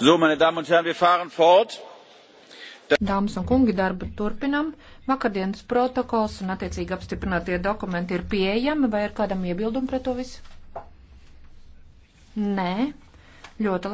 So, meine Damen und Herren, wir fahren fort. Dāmas un kungi, darbu turpinam. Vakardienas protokols un attiecīgi apstiprinātie dokumenti ir pieejami, vai ir kādam iebildumi pret to visu? Nē. Ļoti labi.